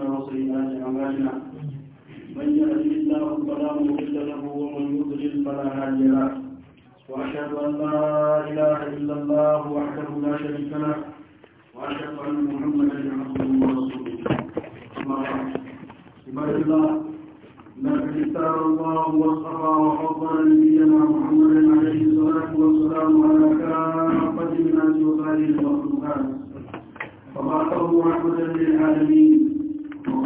أنفسنا وسيئات أعمالنا من يهده الله فلا مضل له ومن يضلل فلا هادي له وأشهد أن لا إله إلا الله وحده لا شريك له وأشهد أن محمدا عبده ورسوله أما بعد عباد الله لقد اختار الله واصطفى وفضل نبينا محمدا عليه الصلاة والسلام على كافة الناس وخير المخلوقات فبعثه رحمة للعالمين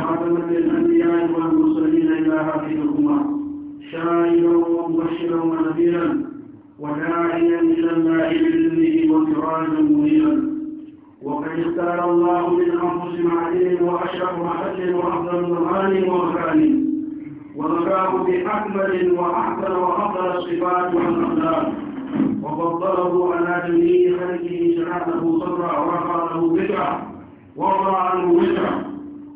وخاتمة الأنبياء والمرسلين إلى هذه الأمة شاعرا ومبشرا ونذيرا وداعيا إلى الله بإذنه وسراجا منيرا وقد اختار الله من أنفس معدن وأشرف محل وأفضل مغاني ومكان وذكاه بأكمل وأحسن وأفضل الصفات والأقدار وفضله على جميع خلقه شرعته صدرا ورفع له بدعة ووضع عنه وسعا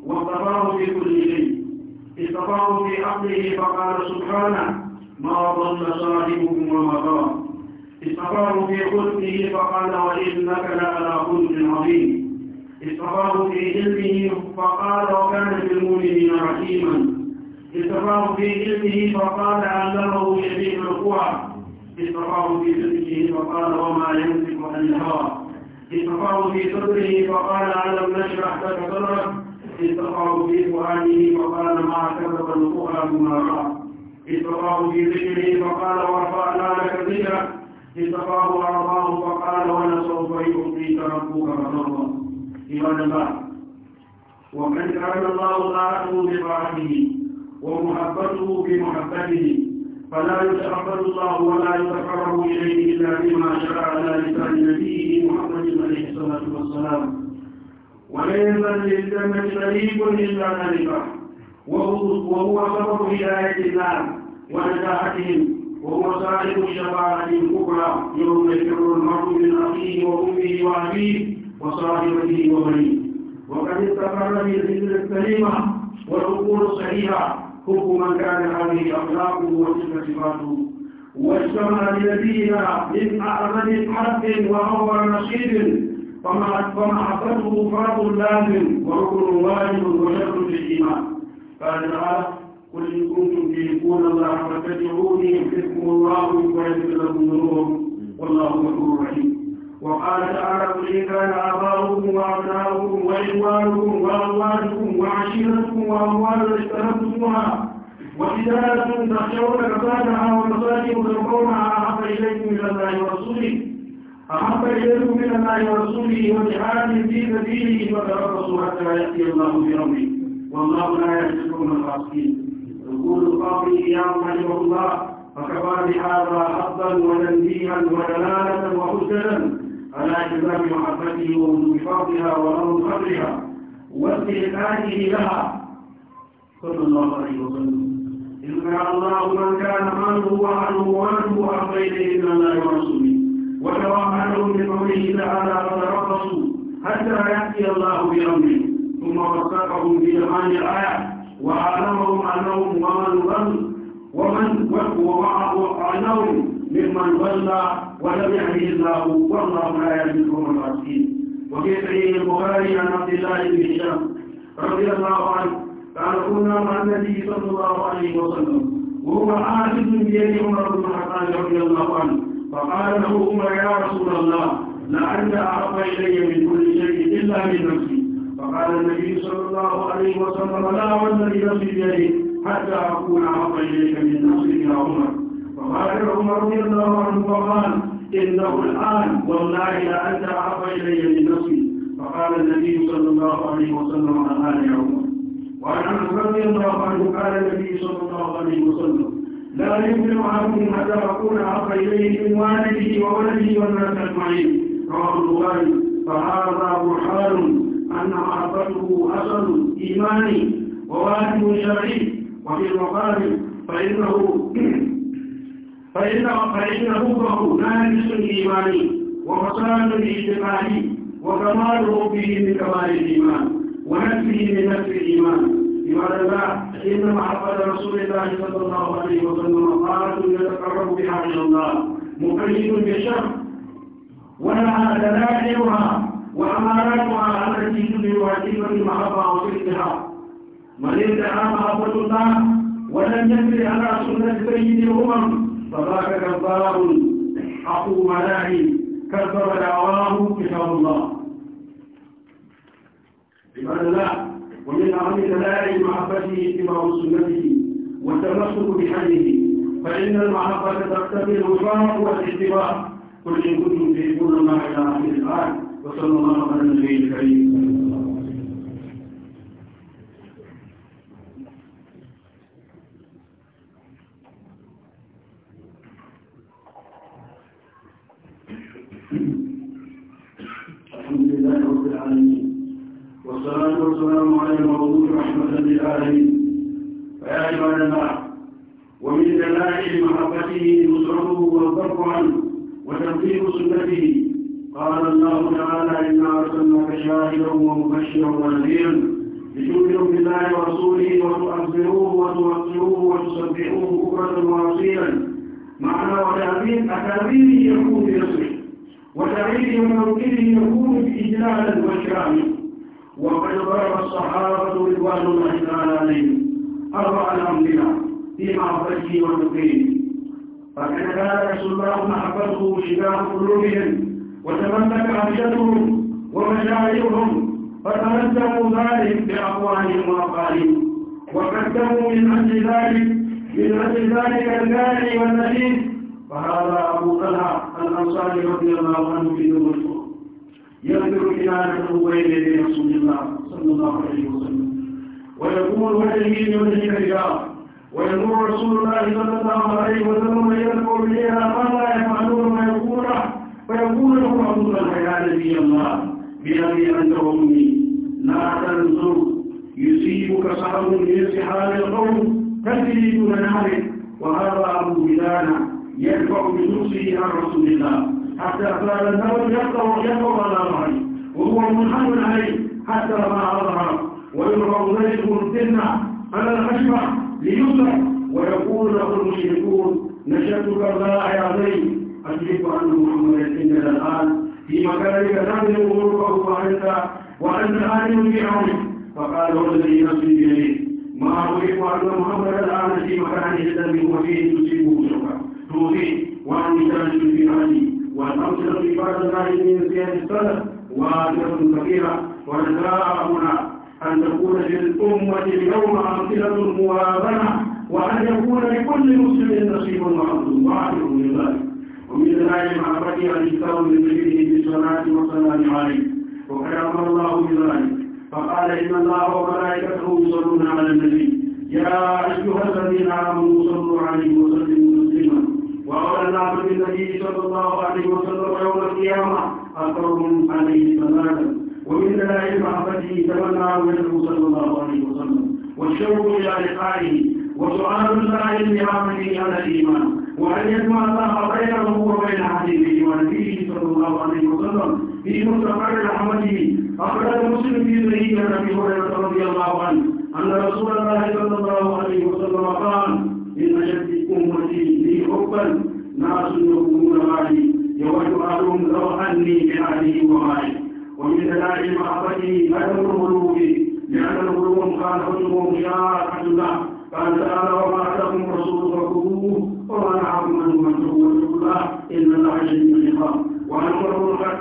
وصفاه في كل شيء اصطفاه في عقله فقال سبحانه ما ضل صاحبكم وما غوى اصطفاه في خلقه فقال وإنك لعلى خلق عظيم اصطفاه في علمه فقال وكان بالمؤمنين رحيما اصطفاه في علمه فقال علمه شديد القوى اصطفاه في صدقه فقال وما ينطق عن الهوى اصطفاه في صدره فقال ألم نشرح لك صدرك استقرار في فؤاده فقال ما كذب الفؤاد ما راى استقرار في ذكره فقال ورفعنا لك ذكرك استقرار وارضاه فقال وانا سوف يعطيك ربك فترضى عباد الله ومن كان الله طاعته بطاعته ومحبته بمحبته فلا يتقبل الله ولا يتقرب اليه الا بما شرع على لسان نبيه محمد عليه الصلاه والسلام وليس للدم شريك إلا نبه وهو سبب هداية الناس ونجاحتهم وهو صاحب الشفاعة الكبرى يوم يفر المرء من أخيه وأمه وأبيه وصاحبته وبنيه وقد استقر في بالذكر السليمة والعقول الصحيحة حكم من كان هذه أخلاقه وتلك صفاته واجتمع لنبينا من أعظم حق وأول نصيب فمعرفته فرض لازم وركن واجب وشرط للإيمان قال تعالى قل إن كنتم تحبون الله فاتبعوني يحبكم الله ويغفر لكم ذنوبكم والله غفور رحيم وقال تعالى قل إن كان آباؤكم وأبناؤكم وإخوانكم وأزواجكم وعشيرتكم وأموال اشتركتموها وتجارة تخشون كفاتها ومصائب تلقونها أحب إليكم من الله ورسوله أحب إليكم من الله ورسوله وجهاد في سبيله وتربصوا حتى يأتي الله بأمره والله لا يحب من الخاسرين يقول قولي يا رحمه الله فكفى بهذا حظا وتنبيها ودلالة وحجة على إلزام محبته ووجود فضلها ونور قدرها واستهلاكه لها صلى الله عليه وسلم إن الله من كان ماله وأهله وأهله أهل إلى الله ورسوله ودوام عنهم بقوله تعالى فتربصوا حتى ياتي الله بامره ثم وثقهم في زمان الايه واعلمهم انهم ومن ظن ومن وعنهم ممن ضل ولم يهده الله والله لا يهدي القوم الفاسقين وفي صحيح البخاري عن عبد الله بن هشام رضي الله عنه قال كنا مع النبي صلى الله عليه وسلم وهو عاجز بيد عمر بن الخطاب رضي الله عنه فقال له عمر يا رسول الله لأنت أعرف إلي من كل شيء إلا من نفسي فقال النبي صلى الله عليه وسلم لا والذي نفسي بيده حتى أكون أعرف إليك من نفسي يا عمر فقال عمر رضي الله عنه فقال إنه الآن والله لأنت أعرف إلي من نفسي فقال النبي صلى الله عليه وسلم الآن يا عمر وعن عمر رضي الله عنه قال النبي صلى الله عليه وسلم لا يمكن عنهم حتى أكون أخا إليه من والده وولده والناس أجمعين رواه البخاري فهذا برهان أن معرفته أصل إيماني وواجب شرعي وفي المقابل فإنه فإنه فإنه فهو ناقص إيماني وفساد اجتماعي وكماله ربه من كمال الإيمان ونفسه من نفس الإيمان بمعنى لا إن محبة رسول الله صلى الله عليه وسلم طاعة يتقرب بها إلى الله مقيد بشر ولها دلائلها وأماراتها التي تدعو عجيبة المحبة وصدقها من ادعى محبة الله ولم يجري على سنة سيد الأمم فذاك كذاب حقه ملاهي كذب دعواه كتاب الله عباد لا ومن أهم دلائل محبته اتباع سنته والتمسك بحله فإن المحبة تقتضي الوفاء والاتباع قل إن كنتم تحبون ما إلى آخر الآية وصلى الله على النبي الكريم وتصدقوه بكرة وأصيلا معنى وتعبيره يكون بنصر وتعبير موقفه يكون بإجلالا وإكراما وقد ضرب الصحابة رضوان الله تعالى عليهم أربع الأمثلة في معرفته ونقيه فكان هذا رسول الله محبته شفاء قلوبهم وتملك عشتهم ومشاعرهم فتمسكوا ذلك بأقوالهم واقوالهم وقدموا من أجل ذلك من أجل ذلك الداعي والنبي فهذا أبو طلحة الأنصاري رضي الله عنه في ذمته يذكر إلى نحو بين رسول الله صلى الله عليه وسلم ويقول وجهي من الرجال ويقول رسول الله صلى الله عليه وسلم يذكر إليها ماذا يفعلون يقوله ويقول له عبد الله يا نبي الله بأبي أنت وأمي لا تنظر يصيبك صعب من ارتحال القوم تجري دون نهره وهذا أبو بلانا يدفع بنفسه عن رسول الله حتى قال النار يقطع يقطع على ظهره وهو منحن عليه حتى ما أظهر ويرفع ذلك الفتنة على الخشبة ليسرع ويقول له المشركون نشدك الله يا زيد أدرك أن محمد إننا الآن في مكانك نعلم غرفه وأنت وأنت عالم بعمرك فقال الذي نفسي بيده ما أريد أن محمدا الآن في مكانه الذي هو فيه تصيبه شوكا توفي وأني جالس في رأسي والأمثلة في بعض الناس من زيادة السنه واسعة كبيره ونساء هنا أن تكون للأمة اليوم أمثلة موازنة وأن يكون لكل مسلم نصيب وعبد الله من ذلك ومن ذلك محبتي أن يستوي من نبيه بالصلاة والسلام عليه وكرم الله بذلك فقال إن الله وملائكته يصلون على النبي يا أيها الذين آمنوا صلوا عليه وسلموا تسليما وقال الناس للنبي صلى الله عليه وسلم يوم القيامة أكرم عليه صلاة ومن دلائل محبته تمنى وجهه صلى الله عليه وسلم والشوق إلى لقائه وسؤال السائل لعمله على الإيمان وأن يجمع الله بينه وبين حبيبه ونبيه صلى الله عليه وسلم في مستقر رحمته أخرج مسلم في صحيح عن أبي هريرة رضي الله عنه أن رسول الله صلى الله عليه وسلم قال إن أشد أمتي لي حبا ناس يحبون مالي يود أحدهم لو أني بأهله ومالي ومن دلائل محبته عدم الغلو لأن الغلو مخالفة ومشاقة الله قال تعالى وما أتاكم رسول فخذوه وما نهاكم من فانتهوا الله إن الله شديد العقاب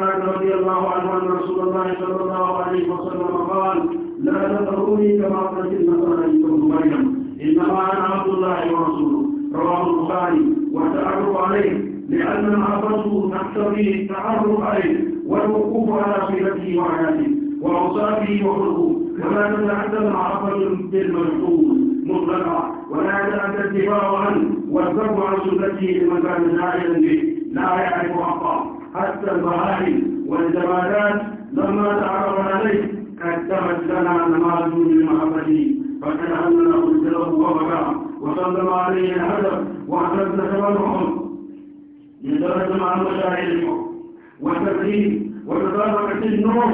عباس رضي الله عنه أن رسول الله صلى الله عليه وسلم قال لا تطروني كما قلت النصارى مريم إنما أنا عبد الله ورسوله رواه البخاري والتعرف عليه لأن معرفته تقتضي التعرف عليه والوقوف على صلته وحياته وأوصافه وخلقه ولا تتعدى معرفة بالمجهول مطلقا ولا يتعدى الدفاع عنه والذب عن سنته لمن كان جاهلا به لا يعرف حقه حتى البهائم والجمادات لما تعرض عليه قدمت لنا نماذج لمحبته فكان فقد أنزله وبكى وسلم عليه الهدف وأحببنا ثمنهم لدرجة مع مشاعرهم والتكليف وتطابق النور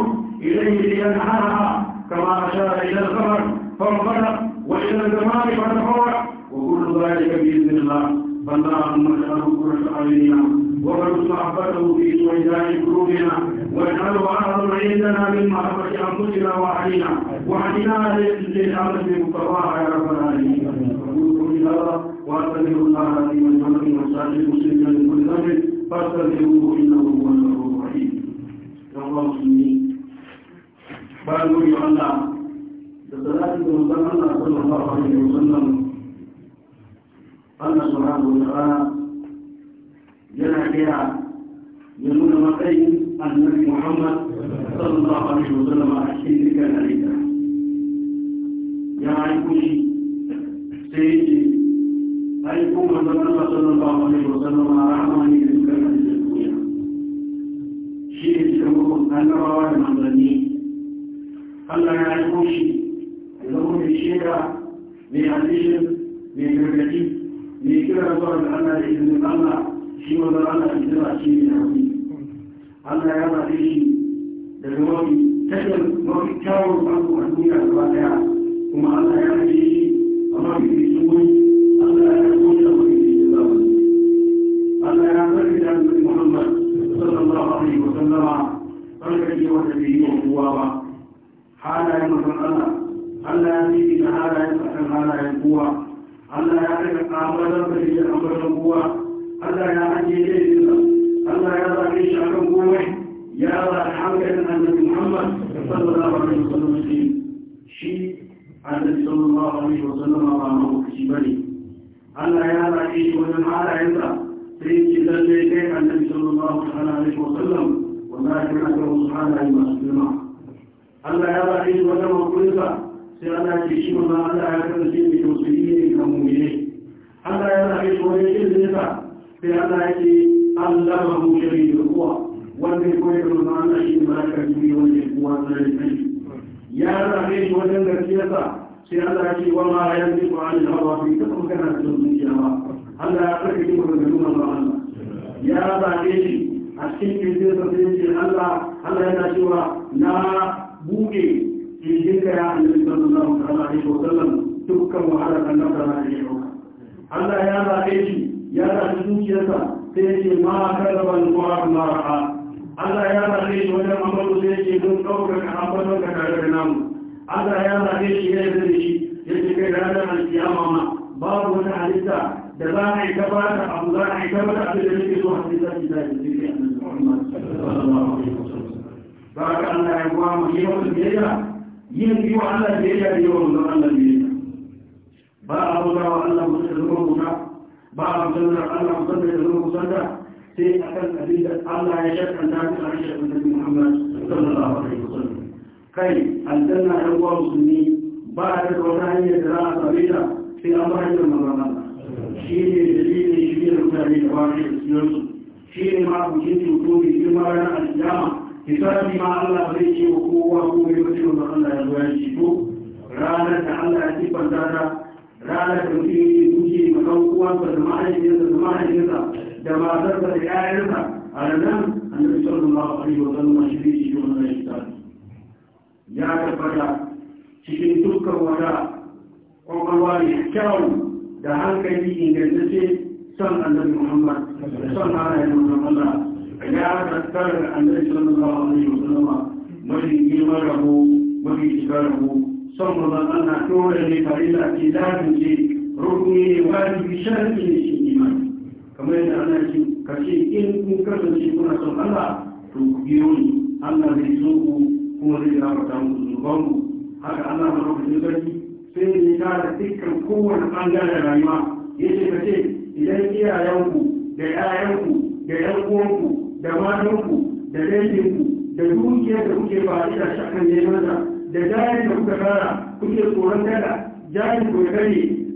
إليه لينحرها كما أشار إلى الخبر فانفلق وإلى الجمال فتفرق وكل ذلك بإذن الله فاللهم اجعله قرة أعيننا ومن صحبته في سويداء قلوبنا واجعله اعظم عندنا من محبه انفسنا واهلنا واهلنا للامر بمقتضاها يا رب العالمين واستغفر الله العظيم الجليل وسائر المسلمين من كل ذنب فاستغفروه انه هو الغفور الرحيم يا الله المسلمين بعد الله بصلاه الله صلى الله عليه وسلم الله سبحانه وتعالى بها ينون مقيم النبي محمد صلى الله عليه وسلم أحسن لك الحديث يا عيكوشي سيدي عليكم من الله صلى الله عليه وسلم رحمني بك الحديث الكوية شيء يسموه أن رواه المنزلين الله يا عيكوشي يقول الشيخ من حديث من بركتي من كل رسول الله بإذن الله shi wanda ana hijira shi ne haƙi Allah ya zaɓe shi daga mafi tashar mafi kyawun farko a duniya gaba ɗaya kuma Allah ya zaɓe shi a mafi fitin wani Allah ya zaɓe shi a mafi fitin zama Allah ya zaɓe da Annabi Muhammad sallallahu alaihi wa sallama farkace wanda bai yi wa kowa ba halayen mutum Allah Allah ya zaɓe da halayen akan halayen kowa Allah ya rika amalar da shi da amalar kowa Allah ya ajiye laifinsa Allah ya zaɓe shi a kan komai ya zaɓe hankalin annabi Muhammad sallallahu alaihi wasallam shi shi annabi sallallahu alaihi wasallam ba ba ne. Allah ya zaɓe shi wajen halayensa sai ki lalle kai annabi sallallahu alaihi wasallam wallahi kana da wasu halaye masu girma Allah ya zaɓe shi wajen hakurinsa sai Allah ke shi mana Allah ya kasance mai tausayi ne ga mu'mini Allah ya zaɓe shi wajen ilminsa sai Allah ya ce allama mu shari'ul quwa wanda ya koyar da shi wanda ya kuwa kai ya shi wajen sai ce wa ma ta kuma kana da zuciya ba Allah ya Allah ya shi a cikin kirkirsa sai ce Allah Allah yana cewa na buɗe jirgin ya annabi sallallahu alaihi wa sallam dukkan wahalar annabi Allah ya zaɓe shi ya rasu dukiyarsa sai ya ce ma karban kuwa mara'a Allah ya rasu shi wajen ambato sai ya ce don ɗaukaka ambaton ka tare da namu Allah ya rasu shi ya yi shi ya ce kai ranar alkiyama mama. babu wata halitta da za a yi ta ba ta abu za a yi ta ba ta abin da nake so halitta ki ta yi cikin annabi da ba ka Allah ya kuwa mu yi wata biyayya yin biyu Allah biyayya da yawan zan Allah biyayya ba a bauta wa Allah mutum da zuwa ba a musanna Allah musanna ya zama musanna sai a kan abin da Allah ya shakanta ku a rashin annabi Muhammad sallallahu alaihi wasallam kai aljanna ya uwa musulmi ba a da wata hanyar da za a same ta sai an ba hanyar manzon Allah shi ne dalilin shirya mutane da ba shi da sunansu shi ne ma abincin tuto mai girma ranar aljama hisabi ma Allah zai ce wa kowa ko mai mutum da Allah ya zo ya ce to ranar da Allah ya tifanta ta ranar da mutum ya ce ɗan uwansa da ma'aikinsa da ma'aikinsa da matarsa da ƴaƴansa a nan annabi sallallahu alaihi wa sallam shi ne shi wannan shaitan ya tabbata cikin dukkan wata kwakwalwa mai kyau da hankali ingantacce son annabi muhammad da son halayen muhammad ya tattara da annabi sallallahu alaihi wa sallam mafi girman rabo mafi shiga rabo son mazan ana tora ne farila ke dajin ce roƙe wajibi sharfi ne shi imani kamar yadda ana ce kashe in kun kasance kuna son Allah to ku biyo ni Allah zai so ku kuma zai gafarta muku zunubanku haka Allah ma lokacin sarki sai da ya tara dukkan kowane ɓangaren rayuwa ya ce ka ce idan iyayenku da 'ya'yanku da 'yan uwanku da matanku da danginku da dukiyar da kuke faɗi da shakan neman da jari da kuka tara kuke tsoron daga jari ko ya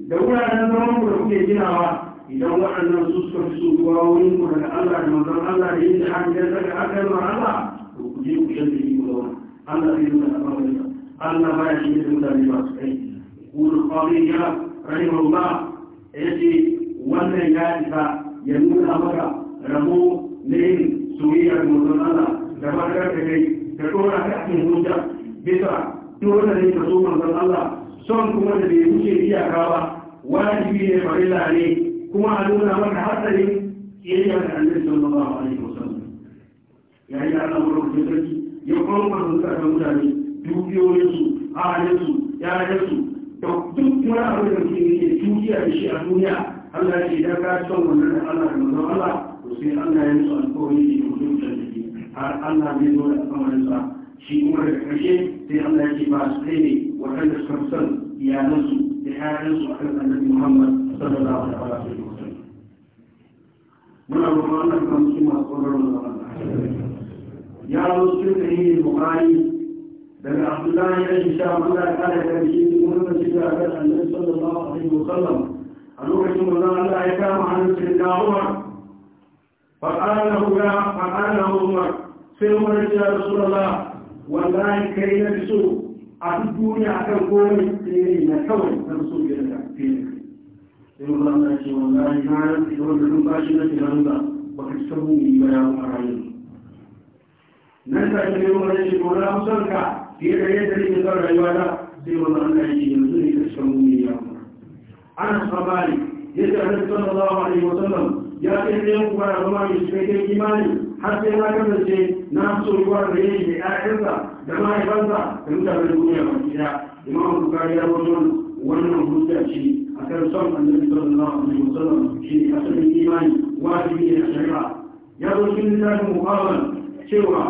da wuraren zaman ku da kuke ginawa idan waɗannan su suka fi so kuwa wurin ku daga Allah da manzon Allah da yin da haka da daga haka da Allah to ku je ku shanta yi ku zauna Allah zai nuna da mawani Allah ba ya shi da mutane masu kai kulul qadiyya rahimahullah yace wannan ya isa ya nuna maka rabo na yin soyayya da manzon Allah da barkar da kai da dora ka cikin hujja bisa dole ne ka so manzon Allah son kuma da bai wuce iyaka ba wajibi ne farilla ne kuma a nuna maka hatsari kiyayya da annabi sallallahu alaihi wasallam yayin da Allah mulkin sarki ya kuma mutunta da mutane dukiyoyinsu halinsu yayansu da duk wani abu da mutum yake dukiya da shi a duniya Allah ya ce idan ka son wannan da Allah da manzon Allah to sai Allah ya musu alƙawari da mutum da shi har Allah zai zo da alƙawarinsa shi kuma daga ƙarshe sai Allah ya ce ba su kai ne waɗanda suka san iyalansu بهذه وحب النبي محمد صلى الله عليه وسلم من أرمان الخمسين أقول الله يا مسلم هي البخاري بل عبد الله إن شاء الله قال تمشي محمد صلى النبي صلى الله عليه وسلم أن رسول الله لا يكام عن سيدنا عمر فقال له يا فقال له عمر سلم يا رسول الله والله كي نفسه a duk duniya a kan kowane tsere na kawai don so biyar da fiye da kai sai mu ce wallahi na ran da wanda sun bashi na tunanin ba ba ka samu yi ba ya kuma rayu nan ta ce mu ran shi ko na son ka fiye da yadda ne ka rayuwa da sai mu ran ya ce yanzu ne ka samu yi ya kuma ana sabari yadda annabi sallallahu alaihi wasallam ya ce ne ku ba zama mai cikakken imani har sai na kasance na so ruwa da yayi mai ƴaƴansa zama da mahaifansa da mutanen duniya baki daya imam bukari ya rawaito wannan hujja ce akan son annabi sallallahu alaihi wasallam shi ne asalin imani wajibi ne a shari'a ya zo cikin littafin muqawal cewa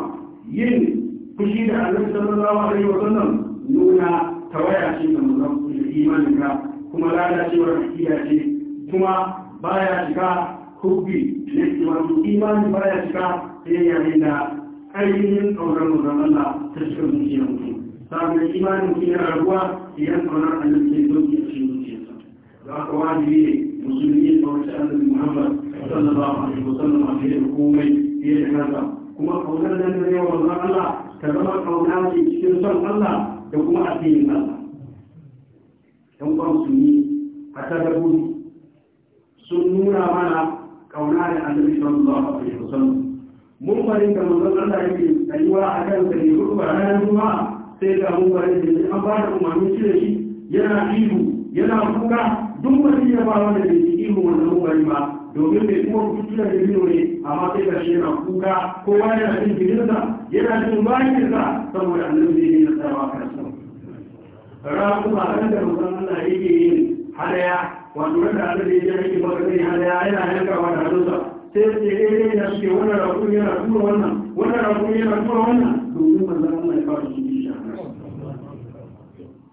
yin fushi da annabi sallallahu alaihi wasallam nuna tawaya ce ga da imanin ka kuma lalacewar akida ce kuma baya shiga hubbi ne wato imani baya shiga sai yayin da ainihin tsoron mazan Allah ta cikin zuciya mutum sannan imanin mutum yana raguwa idan tsoron Allah ke zoki a cikin zuciyarsa da aka wajibi ne musulmi ya tsoron shi annabi Muhammad sallallahu alaihi wasallam a fiye da komai fiye da kansa kuma kaunar nan da yawa mazan Allah ta zama kauna ce cikin son Allah da kuma addinin Allah yan kwan musulmi a tadabburi sun nuna mana kauna da annabi sallallahu alaihi wasallam mumbarin da manzon Allah yake tsayuwa a kan sa ne kuma ranar zuwa sai ga mumbarin da an ba da umarni shi da shi yana ihu yana kuka duk wani ya ba wanda bai ji ihu wannan mumbari ba domin bai kuma kuka da biyo ne amma sai ga shi yana kuka kowa yana jin jirinsa yana jin bayansa saboda annabi ne ya tsawa kansa ranar ba kan da manzon Allah yake yin hadaya wato da Allah ya yake ba kai hadaya yana yankawa da hannunsa sai da ɗaya da suke wannan rabu yana tura wannan wannan rabu yana tura wannan domin manzan Allah ya fara su bisha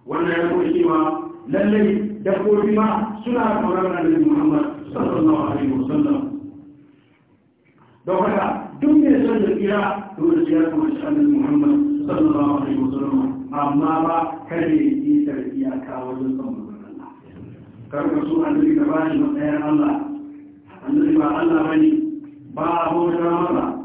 wannan ya kuma cewa lallai dabbobi ma suna kaunar annabi Muhammad sallallahu alaihi wasallam don haka duk mai son da kira dole sai ya kuma shi annabi Muhammad sallallahu alaihi wasallam amma ba kare yi tarbiya ka wajen son manzan Allah karka so annabi ka bashi matsayin Allah annabi ba Allah bane ba a bauta mata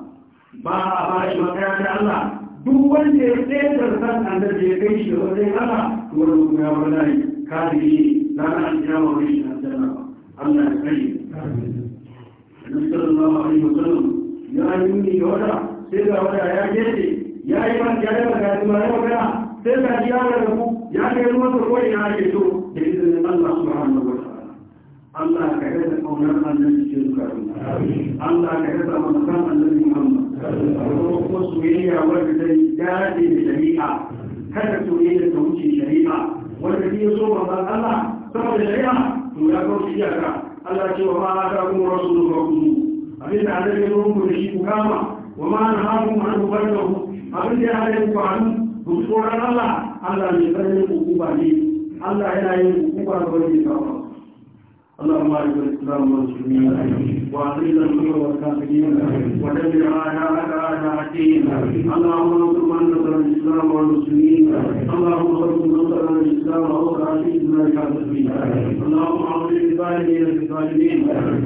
ba a ba shi makaya da Allah duk wanda ya tsaye da san annabi ya kai shi da wajen Allah to wannan kuma ya bar dai kafiri ne lana an kira wa shi aljanna ba Allah ya kai annabi sallallahu alaihi wasallam ya yi ni da wata sai da wata ya gefe ya yi man ya yi magana ma ya magana sai ga ya yi ya kai ruwan ko ina ke so da izinin Allah subhanahu Allah ka rasa kaunar annabi cikin karu Allah ka rasa manzon annabi Muhammad ko kuma soyayya wanda zai dace da shari'a kada soyayya ta wuce shari'a wanda ya so manzon Allah saboda shari'a to ya kauce ka. Allah ce wa ma ta kuma rasulu ka kuzu abin da annabi ya muku da shi ku kama wa ma na hafu ma ku barkahu abin da ya hada ku hannu ku tsoron Allah Allah ne sanin ku ba ne Allah yana yin ku ba ba ne ba اللهم اعز الاسلام والمسلمين واذل الكفر والكافرين ودمر اعداءك اعداء الدين اللهم انصر نصر الاسلام والمسلمين اللهم انصر نصر الاسلام واوقع في اسمائك المسلمين اللهم اعطي للظالمين الظالمين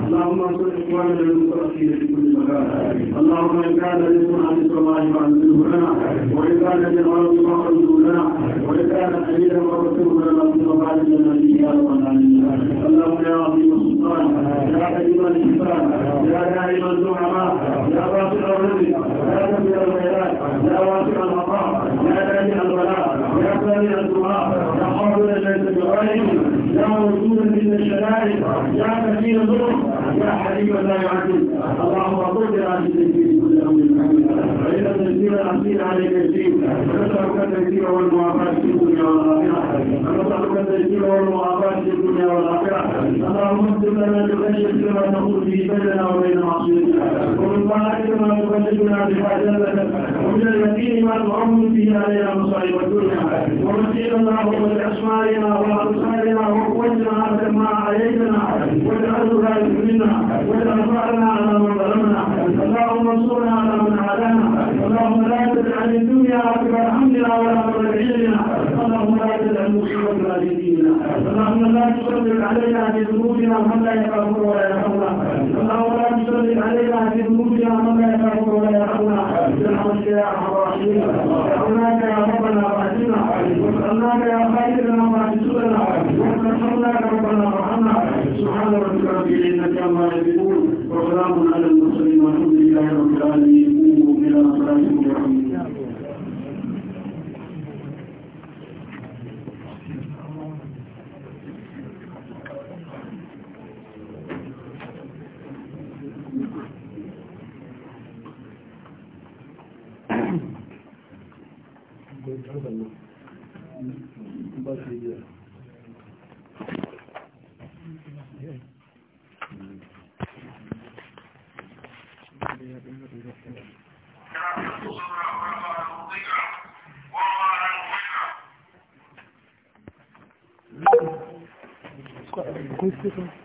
اللهم انصر اخواننا المترقين في كل مكان اللهم ان كان رزق عن الصلاه فانزله لنا وان كان للارض فاخرجه لنا وان كان حميدا فاغفره لنا ثم بعد لنا فيه يا اللهم يا عظيم السلطان يا كريم الإنسان يا دائم الزعماء يا رافع الرزق يا كبير الخيرات يا واسع المقام يا دافع البلاء يا سامع الدعاء يا حاضر ليس يا موجودا من يا كثير الظلم يا حليم لا يعجز اللهم اغفر لنا في إلى عليك الدين نسألك التيسير والمعافاة في الدنيا والآخرة نسألك التيسير والمعافاة في الدنيا والآخرة اللهم اكتب لنا بخشيتك ما تقول به بيننا وبين معصيتك ومن طاعتك ما تبلغنا به ومن اليقين ما تعم به علينا مصائب الدنيا ومسير اللهم بأسمائنا وأبصارنا أعنا على ما عليتنا واجعل ذلك منا واجعل فعلنا على من ظلمنا اللهم انصرنا على من عادانا اللهم لا تجعل الدنيا أكبر حملنا ولا مرجعنا اللهم لا تجعل مصيبتنا في ديننا اللهم لا تسلط علينا بذنوبنا من لا يخافك ولا يرحمنا اللهم لا تسلط علينا بذنوبنا من لا يخافك ولا يرحمنا برحمتك يا ارحم الراحمين دعوناك يا ربنا واهدنا واسالناك يا خير ربنا عليك واحنا صلى ربنا وعنا عليك سبحان ربك رب العزة عما وسلام على المرسلين कोई